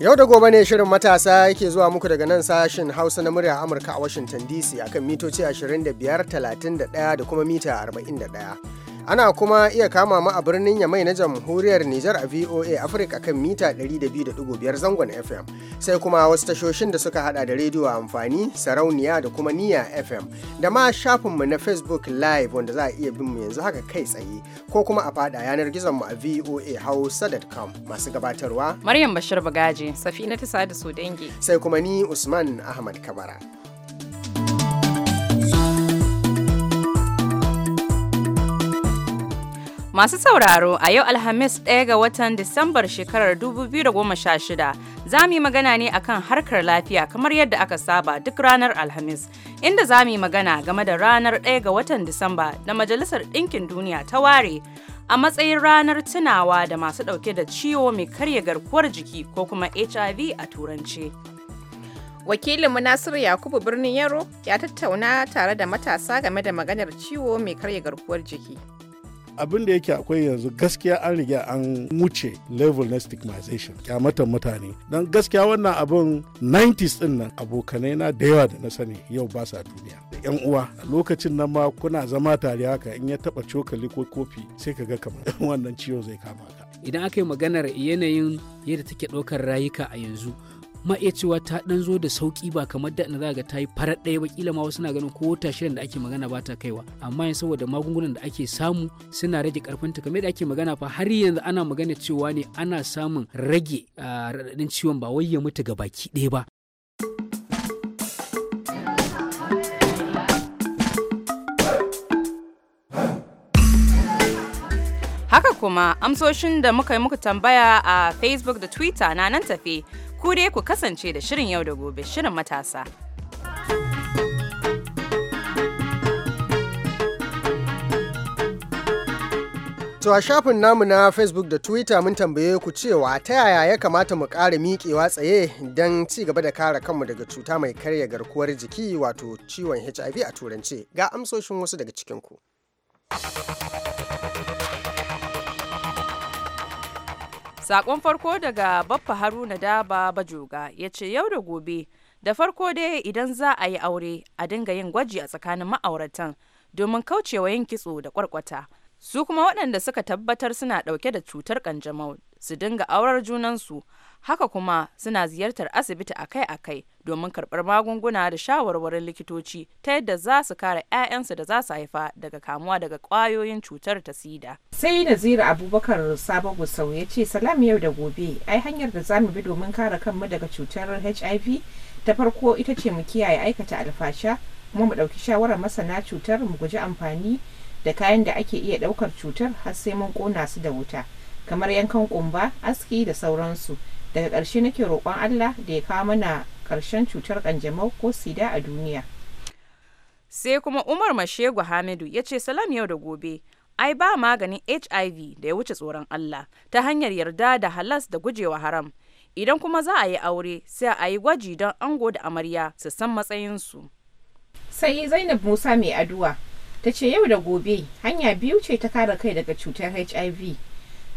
Yau da gobe ne shirin matasa yake zuwa muku daga nan sashen Hausa na murya Amurka a Washington DC akan mitoci 25, 31 da kuma mita 41. Ana kuma iya kama mu a birnin Yamai na jamhuriyar Nijar a VOA Africa kan mita 102.5 zangon FM. Sai kuma wasu tashoshin da suka hada da rediyo a amfani, sarauniya da kuma niya FM. Da ma shafinmu na Facebook Live wanda za a iya bin mu yanzu haka kai tsaye ko kuma a fada yanar gizon mu a Hausa.com masu gabatarwa. Maryam Bashir Bagaji, Safina Tisa da Sai kuma ni Usman Ahmad Kabara. Masu sauraro a yau Alhamis ɗaya ga watan Disambar shekarar 2016 za mu yi magana ne a kan harkar lafiya kamar yadda aka saba duk ranar Alhamis inda za mu yi magana game da ranar ɗaya ga watan Disamba da Majalisar Ɗinkin Duniya ta ware a matsayin ranar tunawa da masu ɗauke da ciwo mai karya garkuwar jiki ko kuma HIV a Turanci. wakilin Nasiru Yakubu birnin Yaro ya tattauna tare da matasa game da maganar ciwo mai karya garkuwar jiki. abin da yake akwai yanzu gaskiya an riga an wuce level na stigmatization kyamatan mutane don gaskiya wannan abin 90s din nan abokanai na da yawa da na sani yau ba sa duniya da yan uwa lokacin nan ma kuna zama tare haka in ya taba cokali ko kofi sai ka ga kamar wannan ciwo zai kama ka idan aka yi maganar yanayin yadda take ɗaukar rayuka a yanzu ma iya cewa ta dan zo da sauki ba kamar da za ga ta yi farar ɗaya ba kila ma wasu na ganin ko wata shirin da ake magana ba ta kaiwa amma yanzu saboda magungunan da ake samu suna rage karfin ta kamar da ake magana fa har yanzu ana magana cewa ne ana samun rage raɗaɗin ciwon ba wai ya mutu ga baki ɗaya ba Haka kuma amsoshin da muka yi muku tambaya a Facebook da Twitter na nan tafe Ku dai ku kasance da shirin yau da gobe shirin matasa. To a shafin namu na Facebook da Twitter mun tambaye ku cewa ta yaya ya kamata mu ƙara miƙewa tsaye don ci gaba da kare kanmu daga cuta mai karya garkuwar jiki wato ciwon HIV a turance ga amsoshin wasu daga cikinku. Sakon farko daga Baffa Haruna Daba Bajoga ya ce yau da gobe da farko dai idan za a yi aure a dinga yin gwaji a tsakanin ma'auratan domin kaucewa yin kitso da kwarkwata. Su kuma waɗanda suka tabbatar suna ɗauke da cutar kanjamau su dinga aurar junansu haka kuma suna ziyartar asibiti akai-akai domin karbar magunguna da shawarwarin likitoci ta yadda za su kare 'ya'yansu da za su haifa daga kamuwa daga ƙwayoyin cutar ta sida. sai nazira abubakar sabon gusau ya ce salam yau da gobe ai hanyar da zamu bi domin kare kanmu daga cutar hiv ta farko ita ce mu kiyaye aikata alfasha kuma mu ɗauki shawarar masana cutar mu guji amfani da kayan da ake iya ɗaukar cutar har sai mun ƙona su da wuta kamar yankan ƙumba aski da sauransu daga ƙarshe nake roƙon Allah da ya kawo mana ƙarshen cutar ƙanjamau ko sida a duniya. Sai kuma Umar Mashegu Hamidu ya ce salam yau da gobe. Ai ba maganin HIV da ya wuce tsoron Allah ta hanyar yarda da halas da gujewa haram. Idan kuma za a yi aure sai a yi gwaji don ango da amarya su san matsayinsu. Sai Zainab Musa mai aduwa ta ce yau da gobe hanya biyu ce ta kare kai daga cutar HIV.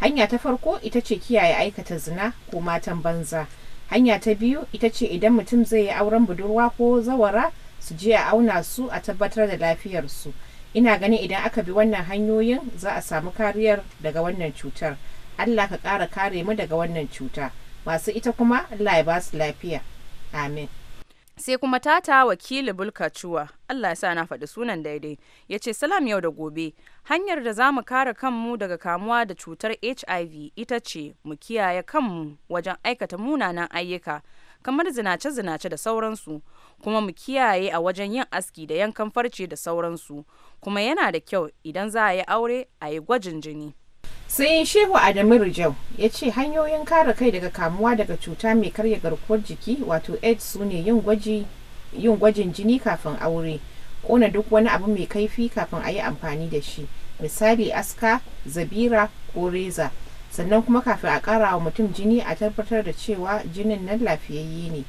hanya ta farko ita ce kiyaye aikata zina ko matan banza hanya ta biyu ita ce idan mutum zai yi auren budurwa ko zawara su je a auna su a tabbatar da lafiyarsu ina ganin idan aka bi wannan hanyoyin za a samu kariyar daga wannan cutar allah ka ƙara kare mu daga wannan cuta masu ita kuma allah ya ba su lafiya amin sai kuma tata wakili bulkacuwa allah ya sa na faɗi sunan daidai ya ce salam yau da gobe hanyar da za mu kare kanmu daga kamuwa da cutar hiv ita ce mu kiyaye kanmu wajen aikata munanan ayyuka kamar zinace-zinace da sauransu kuma mu kiyaye a wajen yin aski da yankan farce da sauransu kuma yana da kyau idan za a yi aure a yi gwajin jini sai shehu adamu rijau ya ce hanyoyin kare kai daga kamuwa daga cuta mai karya garkuwar jiki wato aids su ne yin gwajin jini kafin aure kona duk wani abu mai kaifi kafin a yi amfani da shi misali aska zabira ko reza sannan kuma kafin a kara wa mutum jini a tabbatar da cewa jinin nan lafiyayye ne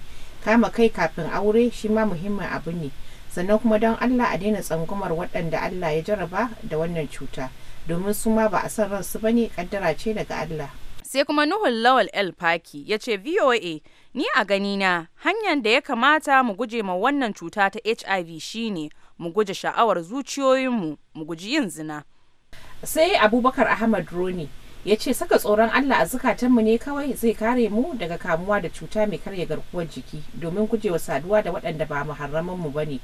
kama kai kafin aure shi ma muhimmin abu ne sannan kuma don allah a daina tsangumar waɗanda allah ya jaraba da wannan cuta domin su ma ba a san ransu ba ne kaddara ce daga Allah. Sai kuma Nuhun Lawal El Faki ya ce VOA ni a ganina hanyar da ya kamata mu guje ma wannan cuta ta HIV shine mu guje sha'awar zuciyoyinmu mu guji yin zina. Sai Abubakar Ahmad Roni ya ce saka tsoron Allah a zukatanmu ne kawai zai kare mu daga kamuwa da cuta mai karya garkuwar jiki domin gujewa saduwa da waɗanda ba muharraman mu bane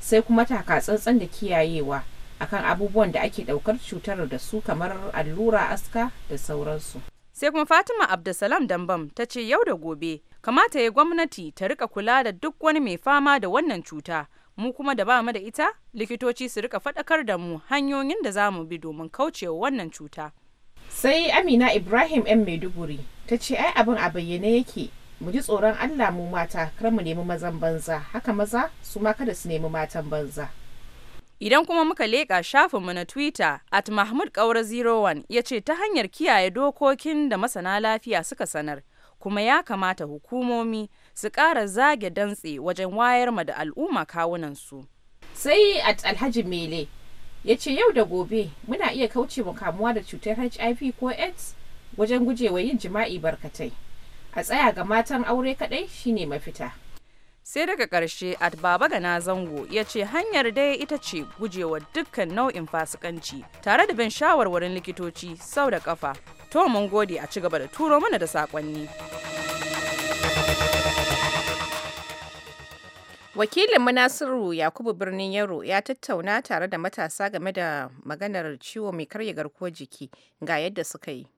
sai kuma taka tsantsan da kiyayewa akan abubuwan da ake daukar cutar da su kamar allura aska da sauransu sai kuma fatima abdulsalam dambam ta ce yau da gobe kamata ya gwamnati ta rika kula da duk wani mai fama da wannan cuta mu kuma da ba mu da ita likitoci su rika fadakar da mu hanyoyin da zamu bi domin kaucewa wannan cuta sai amina ibrahim yan maiduguri ta ce ai abin a bayyane yake mu ji tsoron allah mu mata kar mu nemi mazan banza haka maza su ma kada su nemi matan banza Idan kuma muka leƙa shafinmu na Twitter, at Mahmud Kaura 01 ya ce ta hanyar kiyaye dokokin da masana lafiya suka sanar, kuma ya kamata hukumomi su ƙara zage dantse wajen wayar ma da al'umma kawunansu. Sai at Alhaji Mele ya ce yau da gobe muna iya kauce mu kamuwa da cutar HIV ko AIDS wajen gujewa yin jima'i barkatai. A tsaya ga matan aure kaɗai shine mafita. sai daga ƙarshe atbaba gana zango ya ce hanyar dai ita ce gujewa dukkan nau'in fasikanci tare da bin shawarwarin likitoci sau da kafa to mun gode a ci gaba da turo mana da sakonni. wakilin munasiru yakubu birnin yaro ya tattauna tare da matasa game da maganar ciwo mai karya garkuwar jiki ga yadda suka yi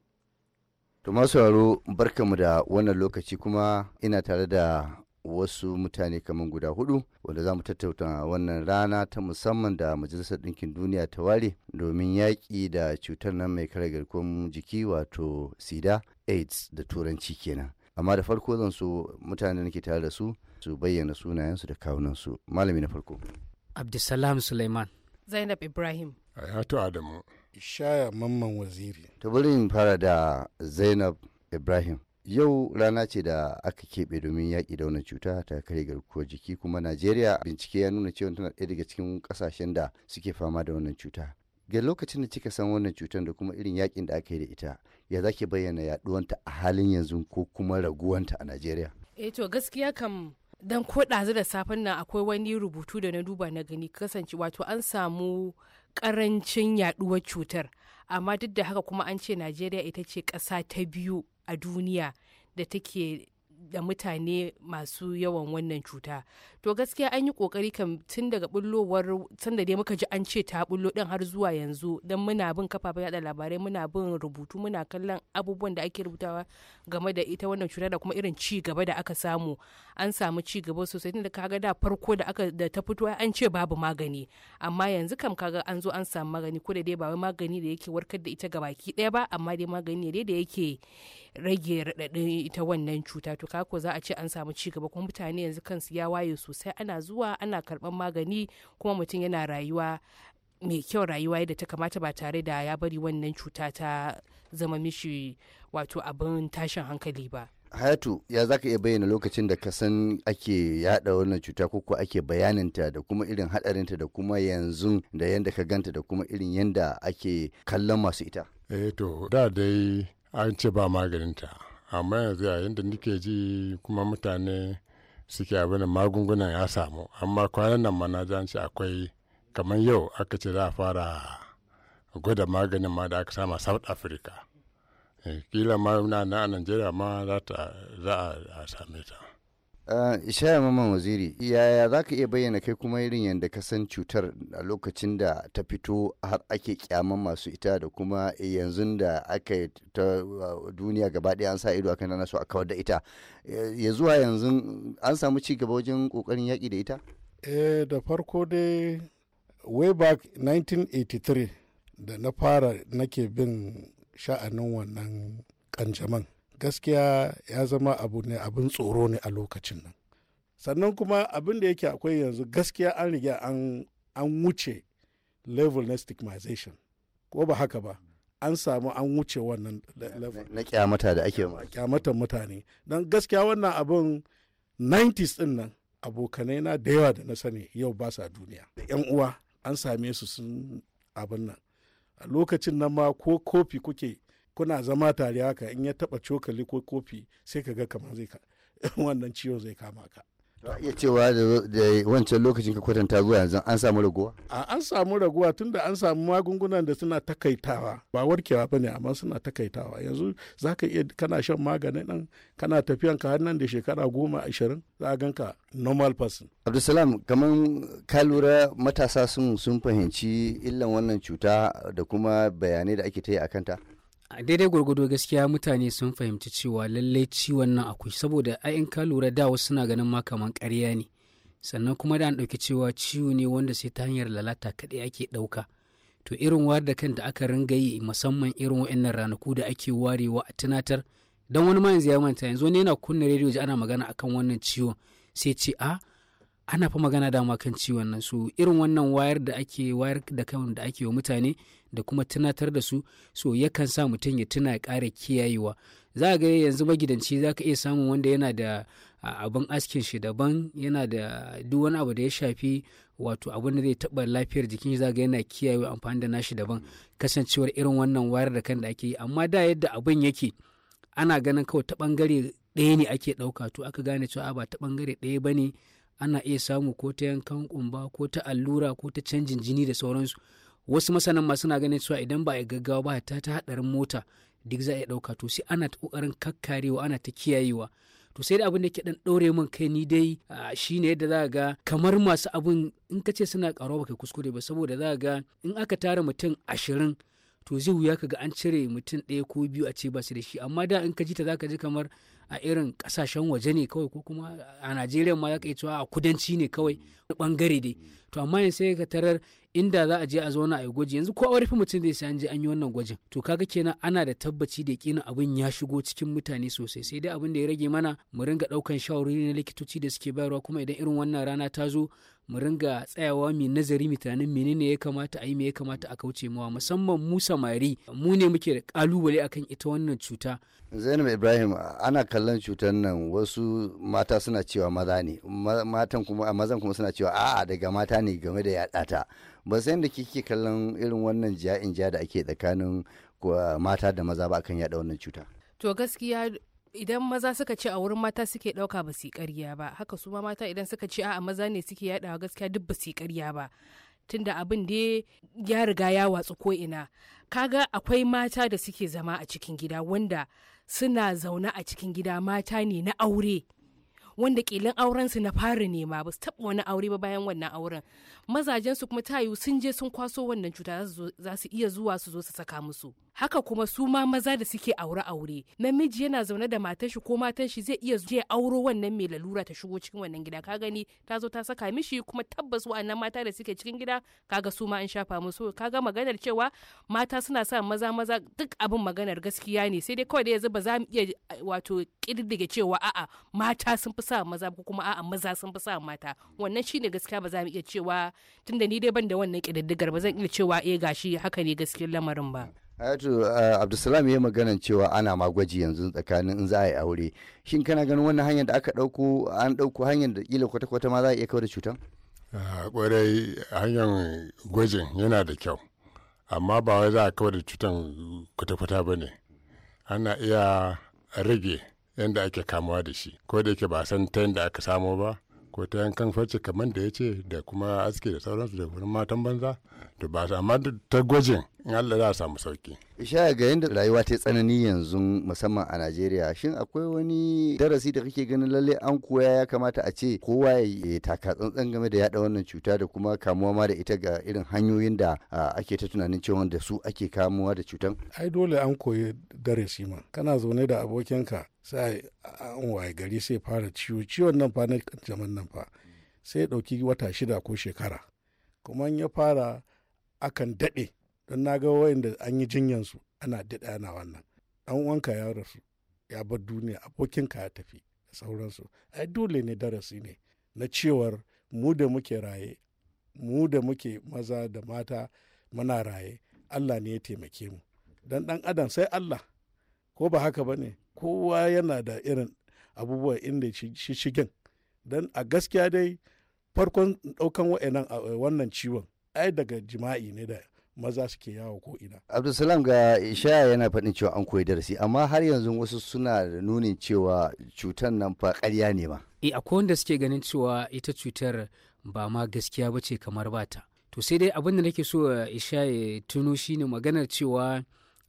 to masu barkamu da wannan lokaci kuma ina tare da wasu mutane kamar guda hudu wanda za mu tattauna wannan rana ta musamman da majalisar ɗinkin duniya ta ware domin yaƙi da cutar nan mai kare garkuwar jiki wato sida aids da turanci kenan amma da farko zan so mutane da ke tare da su su bayyana sunayensu da kawunansu malami na farko abdulsalam suleiman zainab ibrahim hayatu adamu ishaya mamman waziri ta bari in fara da zainab ibrahim yau rana ce da aka keɓe domin yaƙi da wannan cuta ta kare garkuwar jiki kuma najeriya bincike ya nuna cewa tana ɗaya daga cikin ƙasashen da suke fama da wannan cuta ga lokacin da kika san wannan cutar da kuma irin yaƙin da aka yi da ita ya zaki bayyana yaɗuwanta a halin yanzu ko kuma raguwanta a najeriya eh to gaskiya kam dan ko ɗazu da safen nan akwai wani rubutu da na duba na gani kasance wato an samu ƙarancin yaɗuwar cutar amma duk da haka kuma an ce najeriya ita ce ƙasa ta biyu a duniya da take da mutane masu yawan wannan cuta to gaskiya an yi kokari kan tun daga bullowar tun dai muka ji an ce ta bullo din har zuwa yanzu dan muna bin kafafen yada labarai muna bin rubutu muna kallon abubuwan da ake rubutawa game da ita wannan cuta da kuma irin ci gaba da aka samu an samu ci gaba sosai tun da kaga da farko da aka da ta fito an ce babu magani amma yanzu kam kaga an zo an samu magani ko da dai ba wai magani da yake warkar da ita gabaki daya ba amma dai magani ne da yake rage radadin ita wannan cuta to to kako za a ce an samu ci gaba kuma mutane yanzu kansu ya waye sosai ana zuwa ana karban magani kuma mutum yana rayuwa mai kyau rayuwa yadda ta kamata ba tare da ya bari wannan cuta ta zama mishi wato abin tashin hankali ba hayatu ya za ka iya bayyana lokacin da ka san ake yada wannan cuta ko ko ake bayaninta da kuma irin hadarinta da kuma yanzu da yadda ka ganta da kuma irin yadda ake kallon masu ita eh to da dai an ce ba maganinta amma yanzu yayin da nike ji kuma mutane suke abin magungunan ya samu amma kwanan nan mana ce akwai kamar yau aka ce za a fara gwada maganin ma da aka sama south africa eh, kila ma na a najeriya ma za a same ta Eh, Ishaya Maman Waziri, yaya za ka iya bayyana kai kuma irin yadda ka san cutar a lokacin da ta fito har ake kyaman masu ita da kuma yanzu da aka ta eh, duniya gaba ɗaya an sa ido akan nana su a kawar da ita. Eh, ya zuwa yanzu an samu ci gaba wajen kokarin yaƙi da ita? Eh da farko dai way back 1983 da na fara nake bin sha'anin wannan kanjaman. gaskiya ya zama abu ne abin tsoro ne a lokacin nan sannan kuma abin da yake akwai yanzu gaskiya an riga an wuce level na stigmatization ko ba haka ba an samu an wuce wannan level na kyamata da ake kyamatan mutane don gaskiya wannan abin 90s din nan abokanai na da yawa da na sani yau ba sa duniya yan uwa an same su sun abin nan a lokacin nan ma ko kofi kuke kuna zama tare haka in ya taba cokali ko kofi sai ka ga kamar zai ka wannan ciwo zai kama ka ta iya cewa da wancan lokacin ka kwatanta zuwa yanzu an samu raguwa a an samu raguwa tunda an samu magungunan da suna takaitawa ba warkewa ba ne amma suna takaitawa yanzu za ka iya kana shan maganin nan kana tafiyan ka har nan da shekara goma ashirin za a ka normal person abdulsalam kamar ka lura matasa sun sun fahimci illan wannan cuta da kuma bayanai da ake ta yi a kanta a daidai gwargwado gaskiya mutane sun fahimci cewa lallai ciwon nan akwai saboda a in ka lura da wasu suna ganin ma kaman ƙarya ne sannan kuma da an ɗauki cewa ciwo ne wanda sai ta hanyar lalata kaɗai ake ɗauka to irin wayar da kan da aka ringa yi musamman irin wa'annan ranaku da ake warewa a tunatar dan wani ma yanzu ya manta yanzu wani yana kunna rediyo ji ana magana akan wannan ciwon sai ce a ah, ana fa magana dama kan ciwon nan su irin wannan wayar da ake wayar da kan da ake wa mutane da kuma tunatar da su so yakan sa mutum ya tuna ya ƙara kiyayewa za ga yanzu magidanci za ka iya samun wanda yana da abin askin shi daban yana da duk wani abu da ya shafi wato abin da zai taɓa lafiyar jikin shi za ga yana kiyayewa amfani da nashi daban kasancewar irin wannan wayar da kan da ake yi amma da yadda abin yake ana ganin kawai ta bangare ɗaya ne ake ɗauka to aka gane cewa ba ta bangare ɗaya ba ne ana iya samu ko ta yankan kumba ko ta allura ko ta canjin jini da sauransu wasu masanan masu na ganin cewa idan ba a gaggawa ba ta ta hadarin mota duk za a dauka to sai ana ta kokarin kakkarewa ana ta kiyayewa to sai da abin da ke dan ɗaure min kai ni dai shine yadda za ga kamar masu abun in ka ce suna ƙaro baka kuskure ba saboda za ga in aka tara mutum ashirin to zai wuya ka ga an cire mutum ɗaya ko biyu a ce ba su da shi amma da in ka ji ta za ka ji kamar a irin kasashen waje ne kawai ko kuma a najeriya ma za ka cewa a kudanci ne kawai bangare dai to amma yanzu sai ka tarar inda za a je a zauna a yi gwaji yanzu ko a warfi mutum zai sai an je an yi wannan gwajin to kaga kenan ana da tabbaci da kina abin ya shigo cikin mutane sosai sai dai abin da ya rage mana mu ringa daukan shawarwari na likitoci da suke bayarwa kuma idan irin wannan rana ta zo mu ringa tsayawa mai nazari mutanen tunanin menene ya kamata a yi me ya kamata a kauce mawa musamman mu samari mu ne muke da kalubale akan ita wannan cuta zainab ibrahim ana kallon cutar nan wasu mata suna cewa maza ne matan kuma mazan kuma suna cewa a'a daga mata ne game da yaɗa ta ba sai da kike kallon irin wannan ja'in ja da ake tsakanin mata da maza ba akan yaɗa wannan cuta to gaskiya idan maza suka ce a wurin mata suke ɗauka ba su ƙarya ba haka su ma mata idan suka ce a'a maza ne suke yaɗawa gaskiya duk ba su ƙarya ba tunda abin da ya riga ya watsu ko ina kaga akwai mata da suke zama a cikin gida wanda suna zaune a cikin gida mata ne na aure wanda kilan auren su na fara nema ba su taɓa wani aure ba bayan wannan auren mazajen su kuma tayu sun je sun kwaso wannan cuta za su iya zuwa su zo su saka musu haka kuma su ma maza da suke aure aure namiji yana zaune da matan shi ko matan shi zai iya je auro wannan mai lalura ta shigo cikin wannan gida ka gani ta zo ta saka mishi kuma tabbas wa'annan mata da suke cikin gida kaga su ma an shafa musu kaga maganar cewa mata suna sa maza maza duk abin maganar gaskiya ne sai dai kawai da yanzu ba za mu iya wato kididdige cewa a'a mata sun fi sa maza ko kuma a'a maza sun fi sa mata wannan shine gaskiya ba za mu iya cewa tunda ni dai ban da wannan kididdigar ba zan iya cewa eh gashi haka ne gaskiyar lamarin ba Hayatu eh, Abdulsalam ya magana cewa ana ma gwaji yanzu tsakanin in za a yi aure. Shin kana ganin wannan hanyar da aka ɗauko an ɗauko hanyar da kila kwata-kwata ma za a iya kawar da cutar? Kwarai ah, hanyar gwajin yana da kyau, amma ba wai za a kawar da cutar kwata-kwata ba ne. Ana iya rage yadda ake kamuwa da shi ko da yake ba san ta yadda aka samo ba ko ta yankan farce kamar da ya ce da kuma aske da sauransu da wurin matan banza to ba amma ta gwajin in Allah za a samu sauki isha ga yadda rayuwa ta tsanani yanzu musamman a Najeriya shin akwai wani darasi da kake ganin lalle an koya ya kamata a ce kowa ya eh, taka tsantsan game da yada wannan cuta da kuma kamuwa ma da ita ga irin hanyoyin da ake ta tunanin cewa da su ake kamuwa da cutan ai dole an koyi darasi ma kana zaune da abokinka sai an waye gari sai fara ciwo ciwon nan fa na jaman nan fa sai ɗauki wata shida ko shekara kuma ya fara akan daɗe don na ga wayanda an yi jinyansu ana daɗa ana wannan an wanka ya rasu ya bar duniya abokinka ya tafi da sauransu ai dole ne darasi ne na cewar mu da muke raye mu da muke maza da mata muna raye allah ne ya taimake mu don ɗan adam sai allah ko ba haka ba ne kowa yana da irin abubuwa inda shi shigen don a gaskiya dai farkon ɗaukan wannan ciwon ai daga jima'i ne da maza suke yawo ko ina abdulsalam ga ishaya yana faɗin cewa an koyi darasi amma har yanzu wasu suna da nunin cewa cutar nan fa ƙarya ne ma e akwai wanda suke ganin cewa ita cutar ba ma gaskiya ba ce kamar ba ta to sai dai abin da nake so eh, ishaya tuno shine maganar cewa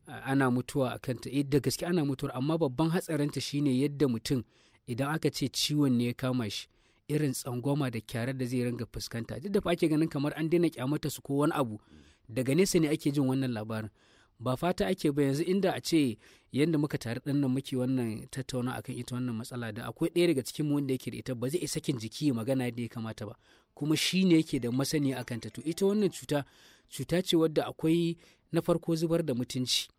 eh, ana mutuwa a kanta da gaske ana mutuwa amma babban hatsarinta shine yadda mutum idan aka ce ciwon ne ya kama shi irin tsangwama da kyarar da zai ringa fuskanta duk da fa ake ganin kamar an daina kyamata su ko wani abu daga nesa ne ake jin wannan labarin ba fata ake ba yanzu inda a ce yadda muka tare ɗan nan muke wannan tattauna akan ita wannan matsala da akwai ɗaya daga cikin wanda yake da ita ba zai sakin jiki magana da ya kamata ba kuma shi ne yake da masani akan ta to ita wannan cuta cuta ce wadda akwai na farko zubar da mutunci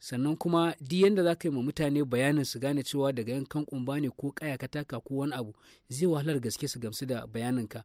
sannan kuma duk yadda za ka yi ma mutane bayanin su gane cewa daga yankan kumba ne ko kaya ka taka ko wani abu zai wahalar gaske su gamsu da bayanin ka.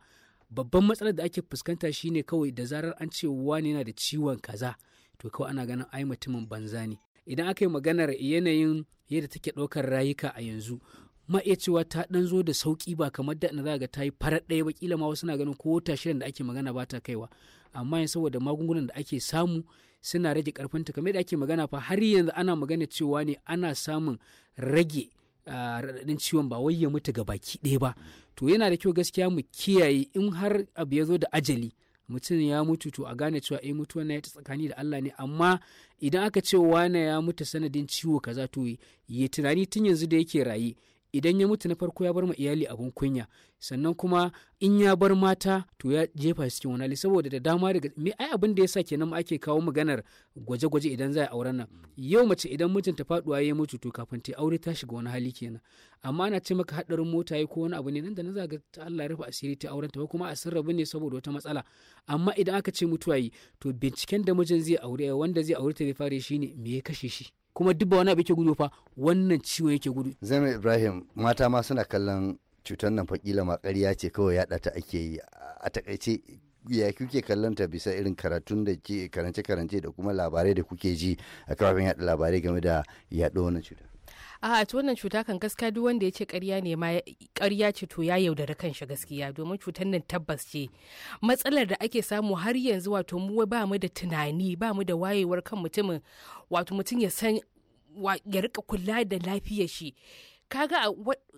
babban matsalar da ake fuskanta shine kawai da zarar an ce wani yana da ciwon kaza to kawai ana ganin ai mutumin banza ne idan aka yi maganar yanayin yadda take ɗaukar rayuka a yanzu ma iya cewa ta ɗan zo da sauƙi ba kamar da za ga ta yi farar ɗaya ba kila ma wasu na ganin ko wata shirin da ake magana ba ta kaiwa amma yanzu saboda magungunan da ake samu suna rage ƙarfinta kamar da ake magana fa har yanzu ana magana cewa ne ana samun rage ah, raɗaɗin ciwon ba wai ya mutu ga baki ɗaya ba to yana da kyau gaskiya mu kiyaye in har abu ya zo da ajali mutum ya mutu to a gane cewa eh mutuwan na ya tsakani da Allah ne amma idan aka ce wane ya mutu sanadin ciwo kaza to ya tunani tun yanzu da yake raye idan ya mutu na farko ya bar ma iyali abun kunya sannan kuma in ya bar mata to ya jefa su cikin wani saboda da dama daga me ai abin da yasa kenan mu ake kawo maganar gwaje-gwaje idan za a auren nan yau mace idan mijinta faduwa ya mutu to kafin ta aure ta shiga wani hali kenan amma ana ce maka hadarin mota ko wani abu ne nan da nan za ga Allah ya rufe asiri ta auren ta ko kuma a sirrabi ne saboda wata matsala amma idan aka ce mutuwa yi to binciken da mijin zai aure wanda zai aure ta bai fare ne me ya kashe shi kuma duk ba wani abu yake gudu fa wannan ciwo yake gudu zainab ibrahim mata ma suna kallon cutar nan fakila ma ƙarya ce kawai yaɗa ta ake yi a takaice ya kuke kallon ta bisa irin karatun da ke karance-karance da kuma labarai da kuke ji a kafin yaɗa labarai game da yaɗo wannan cuta. a to wannan cuta kan gaskiya duk wanda ya ce ƙarya ne ma ƙarya ce to ya yaudari shi gaskiya domin cutar nan tabbas ce matsalar da ake samu har yanzu wato mu ba mu da tunani ba mu da wayewar kan mutumin wato mutum ya san ya rika kula da lafiyar shi kaga a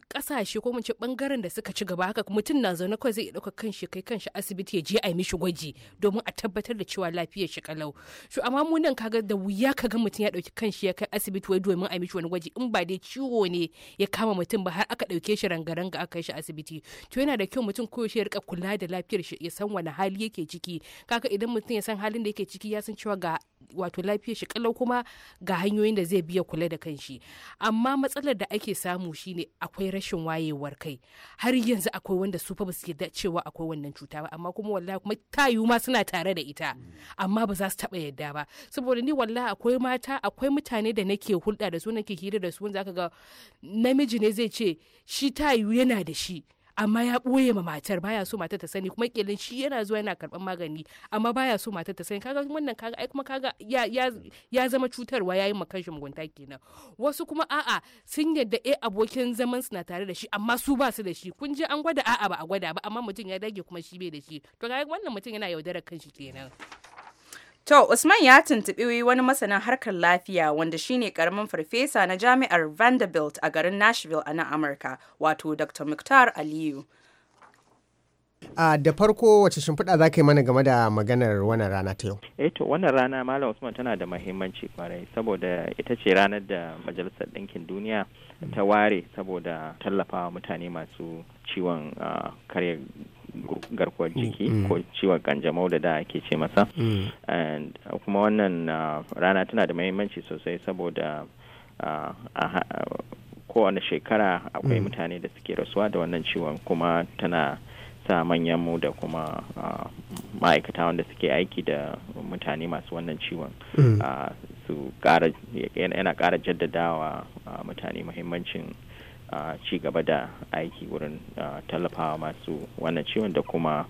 kasashe ko mace bangaren da suka ci gaba haka mutum na zaune kawai zai dauka kan shi kai kanshi asibiti ya je a mishi gwaji domin a tabbatar da cewa lafiyar shi kalau shi amma mu nan kaga da wuya kaga mutum ya dauki kanshi ya kai asibiti wai domin a mishi wani gwaji in ba dai ciwo ne ya kama mutum ba har aka dauke shi rangaranga aka kai shi asibiti to yana da kyau mutum koyaushe ya rika kula da lafiyar shi ya san wani hali yake ciki kaga idan mutum ya san halin da yake ciki ya san cewa ga wato lafiyar shi kalau kuma ga hanyoyin da zai biya kula da kanshi amma matsalar da ake samu shine akwai rashin wayewar kai har yanzu akwai wanda su fa ba su yarda cewa akwai wannan cuta ba amma kuma wallahi kuma tayu ma suna tare da ita amma ba za su taba yarda ba saboda ni wallahi akwai mata akwai mutane da nake hulɗa da su nake hira da su wanda zaka ga namiji ne zai ce shi tayu yana da shi amma ya ɓoye ma matar baya so matar ta sani kuma kelin shi yana zuwa yana karban magani amma baya so matar ta sani kaga wannan kaga ai kuma kaga ya ya zama cutarwa yayi ma kanshi mugunta kenan wasu kuma a'a sun yadda eh abokin zaman su na tare da shi amma su ba su da shi kun je an gwada a'a ba a gwada ba amma mutum ya dage kuma shi bai da shi to kaga wannan mutum yana yaudarar kanshi kenan To, Usman ya tuntuɓi wani masanin harkar lafiya wanda shine karamin farfesa na jami'ar Vanderbilt a garin Nashville a nan Amurka, wato Dr. Muktar Aliyu. Uh, da farko wace shimfiɗa za ka yi mana game da maganar wannan rana ta yau? Eh to wannan rana Malam Usman tana da mahimmanci kwarai saboda ita ce ranar da Majalisar Ɗinkin Duniya ta ware saboda tallafawa mutane masu ciwon uh, karya garkuwar mm, jiki mm. ko ciwon kanjamau da da ake ce masa mm. uh, kuma wannan uh, rana tana da mahimmanci sosai saboda uh, kowane shekara akwai mutane da suke rasuwa da wannan ciwon kuma tana sa manyan mu da kuma ma'aikata wanda suke aiki da mutane masu wannan ciwon su yana ƙara jaddadawa mutane mahimmancin. ci gaba da aiki wurin tallafawa masu wannan ciwon da kuma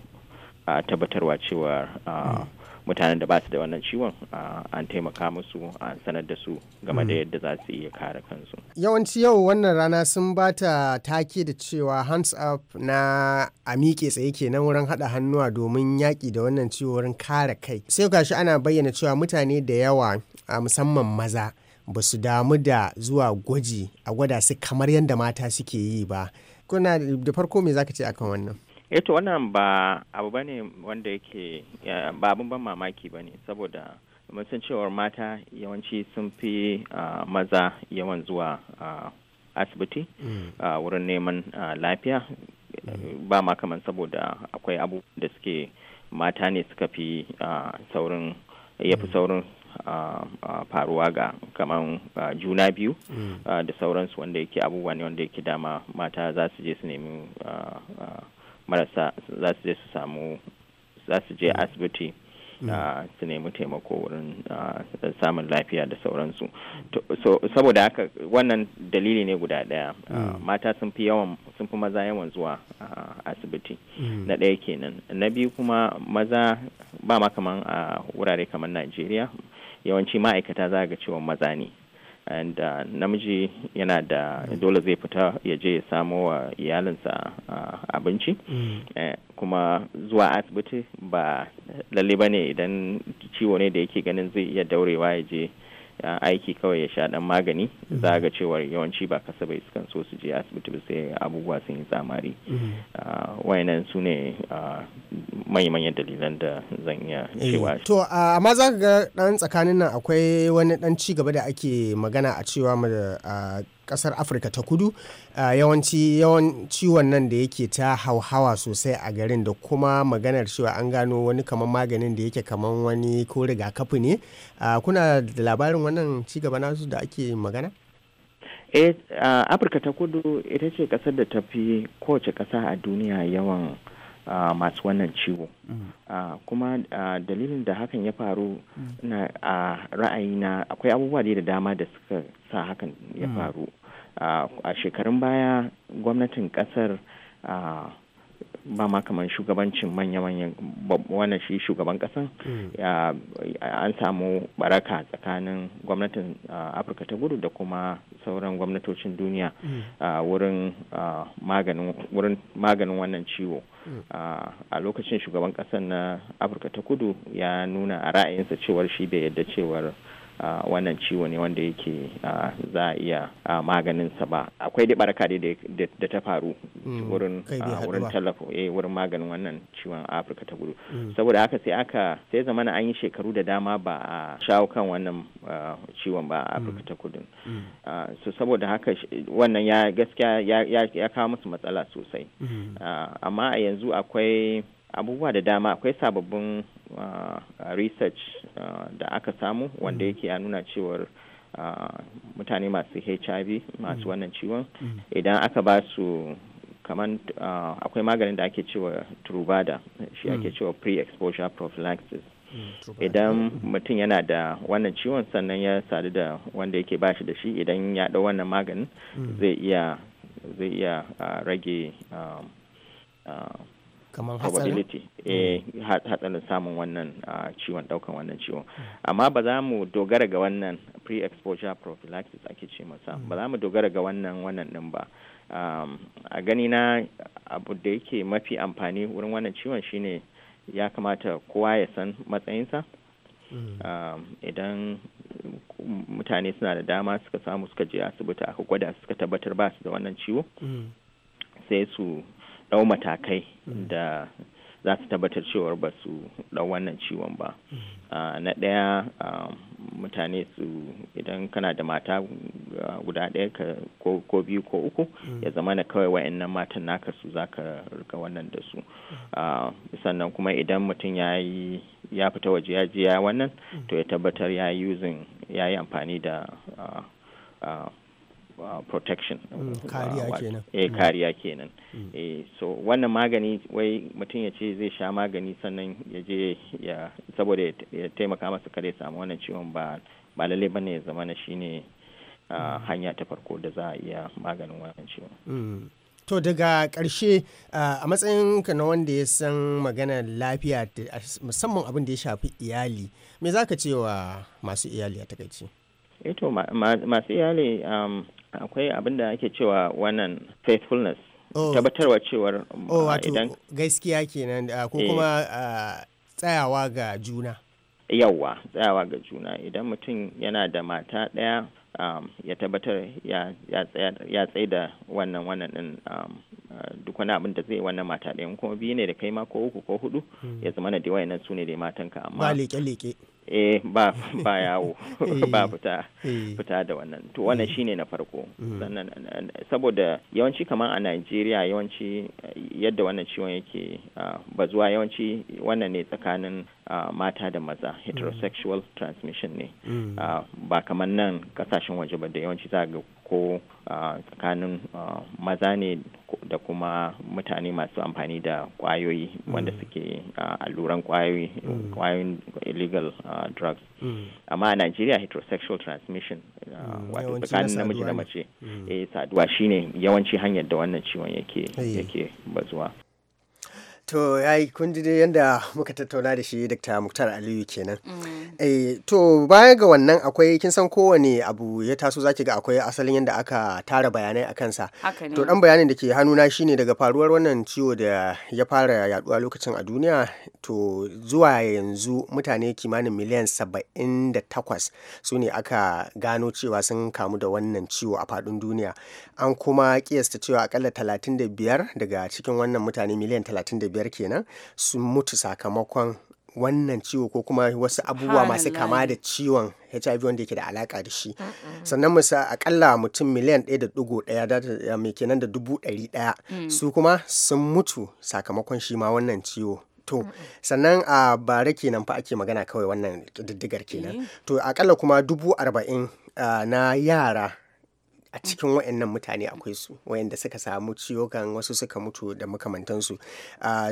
tabbatarwa cewa mutanen da ba su da wannan ciwon an taimaka musu an sanar da su game da hmm. yadda za su iya kare kansu. Yawanci yau wannan rana sun ba ta take da cewa hands up na a miƙe tsaye kenan wurin haɗa hannuwa domin yaƙi da wannan ciwo wurin kare kai. Sai gashi ana bayyana cewa mutane da yawa musamman maza. ba su damu da zuwa gwaji a gwada su kamar yadda mata suke yi ba kuna da farko me zaka ce akan wannan eto eh wannan ba abu ba ne wanda yake ba abun ban mamaki ba ne saboda mutum cewar mata yawanci sun fi maza yawan zuwa asibiti mm. a wurin neman lafiya mm. ba ma saboda akwai abu da suke mata ne suka fi saurin ya fi mm. saurin faruwa ga kamar juna biyu mm. da sauransu wanda yake abubuwa ne wanda yake dama mata za su je su nemi marasa za su je su samu za su je mm. asibiti mm. su nemi taimako wurin samun lafiya da sauransu saboda haka wannan dalili ne guda daya mata sun fi yawan sun fi maza yawan zuwa asibiti na ɗaya kenan na biyu kuma maza ba ma kaman a wurare kamar najeriya yawanci ma'aikata za ga cewa maza ne and uh, namiji yana da dole zai fita ya je ya samo wa iyalinsa uh, abinci mm. uh, kuma zuwa asibiti ba lalle ba ne idan ciwo ne da yake ganin zai iya daurewa ya je aiki kawai ya sha dan magani mm-hmm. za ga cewar yawanci ba bai sukan so su je asibiti ba sai abubuwa sun yi tsamari mm-hmm. wayannan su ne manyan dalilan da zan iya cewa eh, to amma za ka ga dan tsakanin nan akwai wani dan ci gaba da ake magana a cewa kasar afirka ta kudu yawanci yawan ciwon nan da yake ta hauhawa sosai a garin da kuma maganar cewa an gano wani kamar maganin da yake kamar wani ko rigakafi ne kuna da labarin wannan cigaba nasu da ake magana eh, afirka ta kudu ita ce kasar da ta fi kowace kasa a duniya yawan Ah, masu wannan ciwo mm. ah, kuma ah, dalilin da hakan ya faru mm. na ra'ayina akwai abubuwa da dama da suka sa hakan ya mm. faru a shekarun baya gwamnatin kasar ba ma kamar shugabancin manya-manyan wannan shi shugaban kasan hmm. an samu baraka tsakanin gwamnatin afirka ta gudu da kuma sauran gwamnatocin duniya hmm. wurin maganin wannan ciwo hmm. a lokacin shugaban kasan na afirka ta kudu ya nuna a ra'ayinsa cewar shi bai yadda cewar wannan ciwo ne wanda yake za a iya maganin sa ba akwai dai baraka da ta faru mm, wurin wurin tallafo eh wurin maganin wannan ciwon Afirka ta gudu mm. saboda haka sai aka sai zamana an yi shekaru da dama ba a shawo kan wannan ciwon ba a mm. Afirka ta kudu so saboda haka wannan ya gaskiya ya kawo musu matsala sosai amma a yanzu akwai abubuwa da dama akwai sababbin Uh, research uh, da aka samu wanda mm. yake ya nuna cewar uh, mutane masu hiv masu mm. wannan ciwon mm. idan aka ba su kamar akwai maganin da ake cewa truvada shi ake cewa pre-exposure prophylaxis idan mutum yana da wannan ciwon sannan ya sadu da wanda yake bashi da shi idan ya ɗau wannan maganin zai iya zai iya rage um, kamar probability eh hatsarin samun wannan ah, ciwon daukan wannan ciwon amma ba za mu dogara ga wannan pre-exposure prophylaxis ake ce masa mm. ba za mu dogara ga wannan wannan din ba a gani na abu da yake mafi amfani wurin wannan ciwon shine ya kamata kowa ya san matsayinsa mm. idan mutane suna da dama suka samu suka je asibiti aka gwada suka tabbatar ba su da wannan ciwo mm. sai su ɗau matakai mm. da za su tabbatar cewa ba su ɗau wannan ciwon ba mm. na ɗaya mutane su idan kana da mata guda ɗaya ko biyu ko uku mm. ya zama na kawai wa'annan matan naka su za ka rika wannan da su sannan kuma idan mutum ya yi ya fita waje ya je ya wannan to ya tabbatar ya yi amfani da Uh, protection mm, uh, eh, mm. kariya kenan kariya mm. kenan eh, so wannan magani wai mutum ya ce zai sha magani sannan ya je ya saboda ya taimaka masa kare samu wannan ciwon ba ba lalle bane ya zama na shine uh, hanya ta farko da za a iya maganin wannan ciwon to daga ƙarshe a ka na wanda ya san magana lafiya musamman abin da ya shafi iyali me zaka ka ce wa masu iyali a takaici? eto eh masu iyali um, akwai abin da ake cewa wannan faithfulness oh. tabbatarwa cewar oh, ah, idan gaskiya kenan da ah, ko eh. kuma ah, tsayawa ga juna yawwa tsayawa ga juna idan mutum yana da mata ɗaya um, ya tabbatar ya tsaye da wannan wannan din um, duk wani abin da zai wannan mata ɗaya kuma biyu ne da kai ma ko uku ko hudu hmm. ya zama na da wayannan su ne da matanka amma ba leke leke eh ba ba yawo eh, ba fita eh. fita da wannan to wannan mm. shine na farko mm. sannan eh, saboda yawanci kamar a Najeriya yawanci yadda wannan ciwon yake ah, bazuwa yawanci wannan ne tsakanin uh, mata da maza heterosexual mm. transmission ne mm. uh, ba kamar nan kasashen waje ba da yawanci za ga ko tsakanin uh, maza ne da kuma mutane masu amfani da kwayoyi mm. wanda suke alluran kwayoyi mm. kwayoyin illegal drugs mm. amma a Najeriya heterosexual transmission mm. wato tsakanin namiji da mace eh saduwa shine yawanci hanyar da wannan ciwon yake yake bazuwa To yayi kun ji yadda muka tattauna da shi Dr. Muktar Aliyu kenan. Mm. Eh, to baya ga wannan akwai kin san kowane abu ya taso zaki ga akwai asalin yadda aka tara bayanai a kansa. To dan bayanin da ke hannuna shine daga faruwar wannan ciwo da ya fara yaduwa lokacin a duniya to zuwa yanzu mutane kimanin miliyan saba'in da takwas su ne aka gano cewa sun kamu da wannan ciwo a faɗin duniya. An kuma kiyasta cewa akalla talatin da biyar daga cikin wannan mutane miliyan talatin da biyar kenan sun mutu sakamakon wannan ciwo ko kuma wasu abubuwa masu kama da ciwon hiv wanda yake da alaka da shi sannan musa akalla mutum miliyan ɗaya da da mai kenan da dubu ɗari ɗaya mm. su kuma sun mutu sakamakon shi ma wannan ciwo to sannan a bara kenan fa ake magana kawai wannan diddigar kenan eh. to akalla kuma dubu arba'in na yara a cikin wayannan mutane akwai su wayanda suka samu ciwukan wasu suka mutu da makamantansu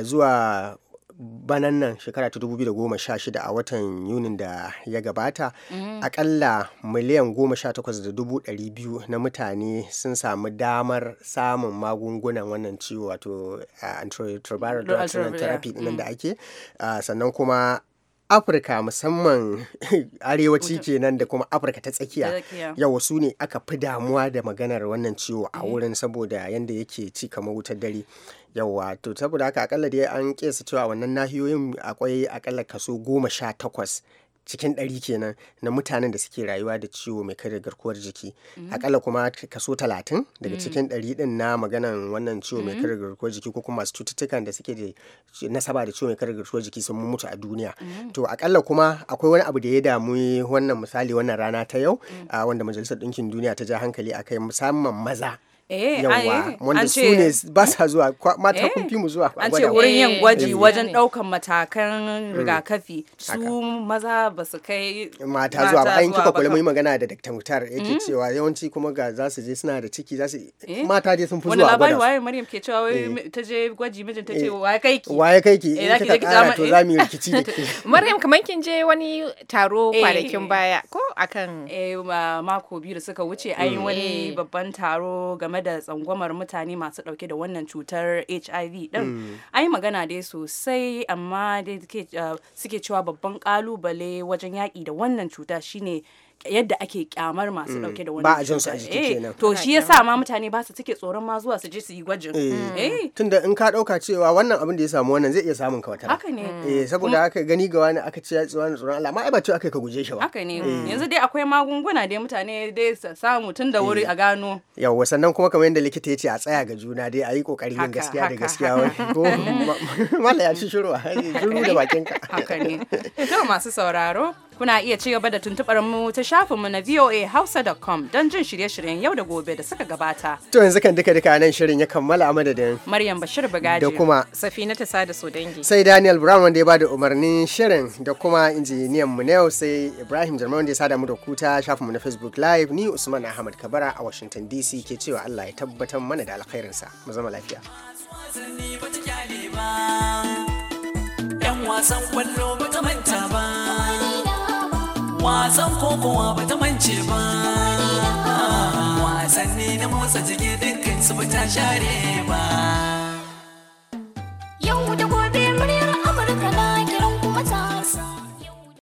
zuwa banan nan shekara ta 2016 a watan yunin da ya gabata mm. akalla miliyan 18,200 na mutane sun samu damar samun magungunan wannan ciwo wato eh, antiretroviral therapy da mm. ake sannan kuma afirka musamman arewaci kenan da kuma afirka ta tsakiya yawa su ne aka fi damuwa da maganar wannan ciwo a mm-hmm. wurin saboda yadda yake ci kamar wutar dare yawa to saboda haka akalla dai an kesa cewa wannan nahiyoyin akwai akalla kaso goma sha takwas cikin ɗari kenan na mutanen da suke rayuwa da ciwo mai karya garkuwar jiki mm. akalla kuma kaso talatin daga mm. cikin ɗari ɗin na maganan wannan ciwo mai mm. karya garkuwar jiki ko kuma masu cututtukan da suke da nasaba da ciwo mai karya garkuwar jiki sun mutu a duniya to akalla kuma akwai wani abu da ya damu wannan misali wannan rana ta yau wanda majalisar ɗinkin duniya ta ja hankali akai musamman maza Eh, yawa eh, wanda su ne ba sa zuwa mata eh, kun fi mu zuwa an ce wurin yin gwaji wajen daukan matakan mm, rigakafi su maza ba su kai mata zuwa ba ayin kika kula mai magana da Dr. Mutar yake mm. cewa yawanci kuma ga za su je suna da ciki za su mata je sun fi zuwa gwada wani labari waye Maryam ke cewa ta je gwaji mijin ta ce waye kai ki waye kai ki in kika kara to za mu yi rikici da ke Maryam kamar kin je wani taro kwanakin baya ko akan eh mako biyu da suka wuce yi mm. wani babban taro game game da tsangwamar mutane masu dauke da wannan cutar hiv din mm. an yi magana dai sosai amma dai suke eh, cewa babban kalubale wajen yaƙi da wannan cuta shine yadda ake kyamar masu mm. dauke da wani ba a jin su a jiki eh, kenan to shi yasa ma mutane ba su suke tsoron ma zuwa su je su yi gwajin eh. Mm. eh tunda in ka dauka cewa wannan abin da ya samu wannan zai iya samun ka wata haka ne mm. eh saboda haka gani ga wani aka ce ya tsoron Allah tsoron Allah ma ai ba cewa aka ka guje shi ba haka ne eh. yanzu dai akwai magunguna dai mutane dai su samu tunda wuri a gano yawa sannan kuma kamar yadda likita ya ce a tsaya ga juna dai a yi kokari yin gaskiya da gaskiya wani ko mala ya ci shiru a da bakin ka haka ne to masu sauraro Kuna iya ci gaba da tuntubar mu ta shafinmu na voahausa.com don jin shirye-shiryen yau da gobe da suka gabata. To yanzu kan duka duka nan shirin ya kammala a madadin. Maryam Bashir Bagaji. Da kuma. Safina ta sada dangi. Sai Daniel Brown wanda ya bada umarnin shirin da kuma injiniyan mu na yau sai Ibrahim Jarman wanda ya sada mu da ku ta shafinmu na Facebook Live ni Usman Ahmad Kabara a Washington DC ke cewa Allah ya tabbatar mana da alkhairinsa. Mu zama lafiya. Yan wasan kwallo ba ta manta ba. wasan kokowa ba ta mance ba wasanni na motsa jiki dukkan su ba ta share ba yau da gobe muryar amurka na kiran kuma ta